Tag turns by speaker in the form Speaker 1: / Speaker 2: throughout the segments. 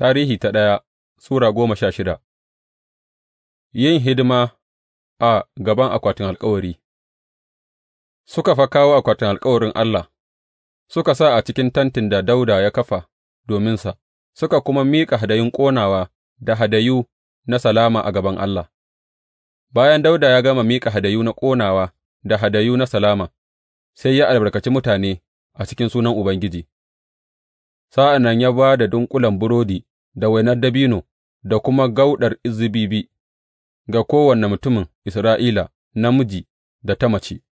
Speaker 1: Tarihi ta ɗaya Sura goma sha shida Yin hidima a gaban akwatin alkawari Suka fa kawo akwatin alkawarin Allah, suka sa a cikin tentin da Dauda ya kafa dominsa, suka kuma miƙa hadayun ƙonawa da hadayu na salama a gaban Allah. Bayan Dauda ya gama miƙa hadayu na ƙonawa da hadayu na salama, sai ya albarkaci mutane a cikin sunan Ubangiji. Sa'an nan ya ba da dunƙulen burodi da wainar dabino da kuma gauɗar zabibi ga kowane mutumin Isra'ila namiji da ta mace,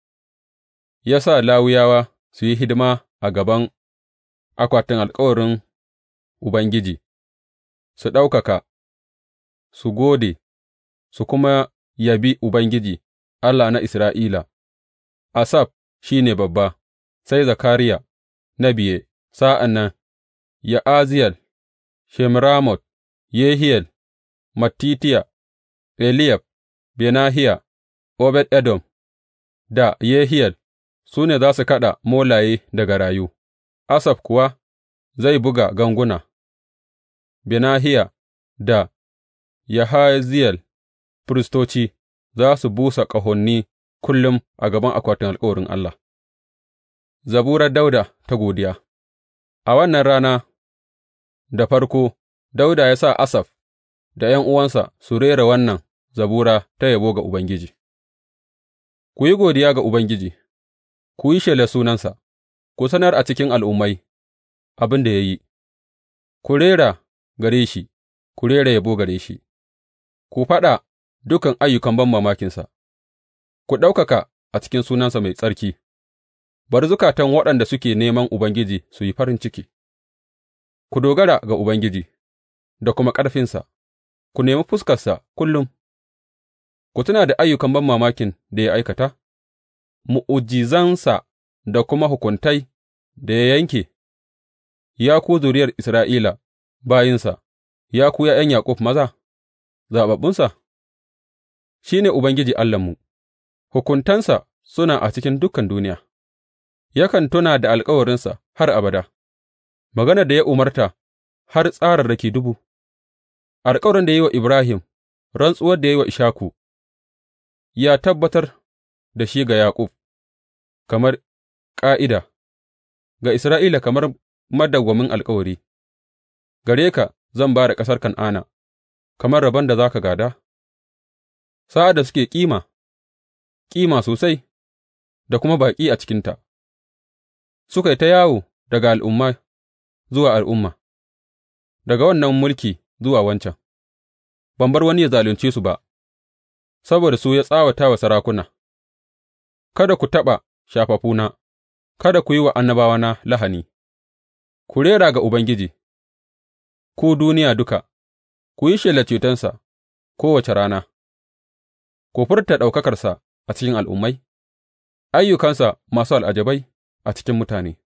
Speaker 1: ya sa Lawiyawa su yi hidima a gaban akwatin alkawarin Ubangiji, su ɗaukaka, su gode, su kuma yabi Ubangiji, Allah na Isra'ila, Asaf shi ne babba, sai Zakariya na biye, sa'an nan Ya'aziyel Shemiramot, Yehiyel, Mattitiya, Eliyab, Benahiya, Obed Edom da Yehiyel su ne za su kaɗa molaye daga rayu. Asaf kuwa zai buga ganguna, Benahiya da Yahaziyel firistoci za su busa ƙahoni kullum a gaban akwatin alkawarin Allah. Zaburar Dauda ta godiya A wannan rana Da farko, Dawuda ya sa Asaf da ’yan'uwansa su rera wannan zabura ta yabo ga Ubangiji, Ku yi godiya ga Ubangiji, ku yi shelar sunansa, ku sanar a cikin al'ummai abin da ya yi, ku rera gare shi, ku rera yabo gare shi, ku faɗa dukan ayyukan banmamakinsa, ku ɗaukaka a cikin sunansa mai tsarki, bari zukatan waɗanda suke neman Ubangiji su yi farin ciki. Ku dogara ga Ubangiji da kuma ƙarfinsa; ku nemi fuskarsa kullum ku tuna da ayyukan banmamakin da ya aikata, mu'ujizansa da kuma hukuntai da ya yanke, ya ku zuriyar Isra'ila bayinsa, ya ku ’ya'yan Yaƙub maza, zaɓaɓɓunsa, shi ne Ubangiji Allahnmu, hukuntansa suna a cikin dukan duniya, yakan tuna da alkawarinsa har abada. maganar da ya umarta har tsararraki dubu, alkawarin da ya yi wa Ibrahim, rantsuwar da ya yi wa Ishaku, ya tabbatar da shi ga Yaƙub kamar ƙa'ida, ga Isra'ila kamar madawwamin alkawari, gare ka zan ba da ƙasar Kan'ana, kamar rabon da za ka gada. sa'ad da suke kima. Kima sosai, da kuma baƙi a cikinta, suka yi ta yawo daga al'umma. zuwa al'umma, daga wannan mulki zuwa wancan, ban bar wani ya zalunce su ba, saboda su ya tsawata wa sarakuna, Kada ku taɓa shafaffuna, kada ku yi wa annabawana lahani, ku rera ga Ubangiji, ku duniya duka, ku yi shelar cetonsa kowace rana, ku furta ɗaukakarsa a cikin al'ummai, ayyukansa masu al'ajabai a cikin mutane,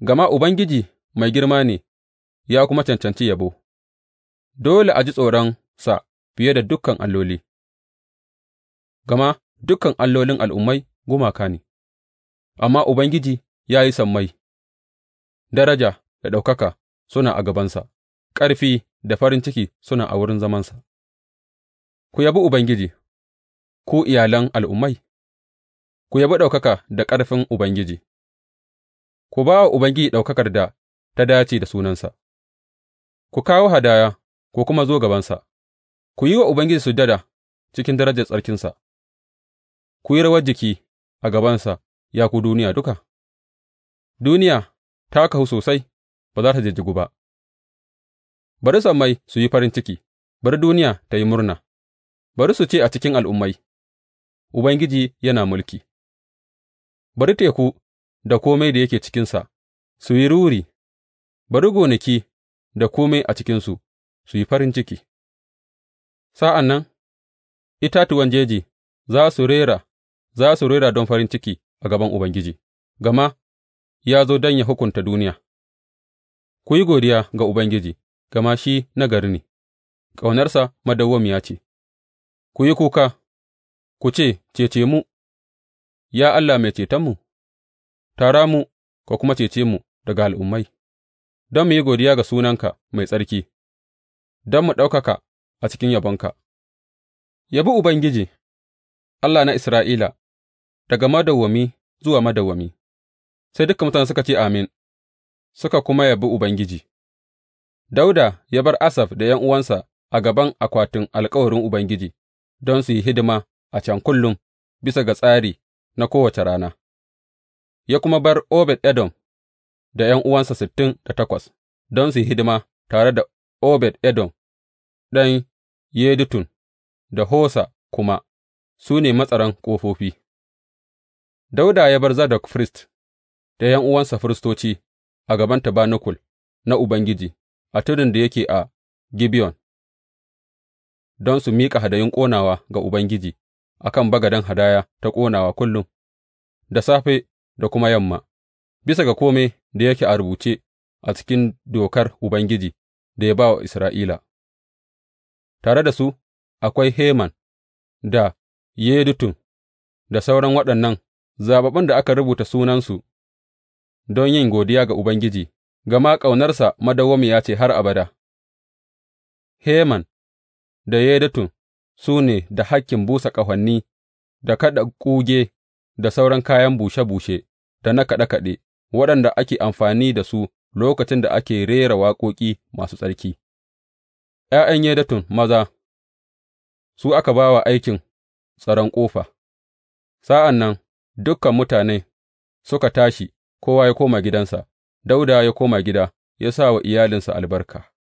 Speaker 1: gama Ubangiji mai girma ne ya kuma cancanci yabo, dole a ji tsoronsa fiye da dukan alloli, gama dukan allolin al'ummai gumaka ne, amma Ubangiji ya yi sammai, daraja da ɗaukaka suna a gabansa, ƙarfi da farin ciki suna a wurin zamansa. Ku yabi Ubangiji, ku iyalan al'ummai, ku yabi ɗaukaka da ƙarfin Ubangiji, ku ba wa Ubangiji ɗaukakar da ta dace da sunansa, ku kawo hadaya ko kuma zo gabansa, ku yi wa Ubangiji sujada cikin darajar tsarkinsa, ku yi rawar jiki a gabansa, ya ku duniya duka, duniya ta kahu sosai ba za ta jijjigu ba, bari sammai su yi farin ciki, bari duniya ta yi murna, bari su ce a cikin al'ummai, Ubangiji yana mulki, bari teku da komai da yake cikinsa su yi ruri. Bari gonaki da kome a cikinsu su yi farin ciki; sa'an nan itatuwan jeji za su rera, za su rera don farin ciki a gaban Ubangiji, gama ya zo don yă hukunta duniya Ku yi godiya ga Ubangiji, gama shi nagari ne, ƙaunarsa madawwamiya ce; ku yi kuka, ku ce, Cece mu, ya Allah Mai Cetonmu; tara mu ka kuma cece mu daga al'ummai. don mu yi godiya ga sunanka mai tsarki, don mu ɗaukaka a cikin yabonka. Yabi Ubangiji, Allah na Isra'ila, daga madawwami zuwa madawwami. Sai dukan mutane suka ce Amin, suka kuma yabi Ubangiji. Dauda ya bar Asaf da uwansa a gaban akwatin alkawarin Ubangiji don su yi hidima a can kullum bisa ga tsari na kowace rana, ya kuma bar Obed Edom da ’yan'uwansa sittin da takwas don su yi hidima tare da Obed Edom ɗan Yedutun da Hosa kuma, su ne matsaran ƙofofi. Dauda ya bar Zadok firist da ’yan'uwansa firistoci a gaban tabanakul na Ubangiji a tudun da yake a Gibeyon don su miƙa hadayun ƙonawa ga Ubangiji a kan bagaden hadaya ta ƙonawa kullum, da safe da kuma yamma, bisa ga kome da yake a rubuce a cikin dokar Ubangiji da ya ba wa Isra'ila. Tare da su akwai Heman da Yedutun da sauran waɗannan zababbun da aka rubuta sunansu don yin godiya ga Ubangiji, gama ƙaunarsa madawwamiya ce har abada. Heman da Yedutun su ne da hakkin busa ƙahoni da kaɗa kuge da sauran kayan bushe bushe da na kaɗe kaɗe waɗanda ake amfani da su lokacin da ake rera waƙoƙi masu tsarki, ’ya'yan Yedutun maza, su aka ba wa aikin tsaron ƙofa, sa'an nan dukan mutane suka tashi, kowa ya koma gidansa, Dauda ya koma gida ya sa wa iyalinsa albarka.